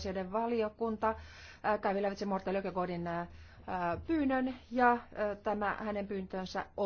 asioiden valiokunta äh, kävi lävitse Morten Lökegodin äh, äh, pyynnön ja tämä hänen pyyntönsä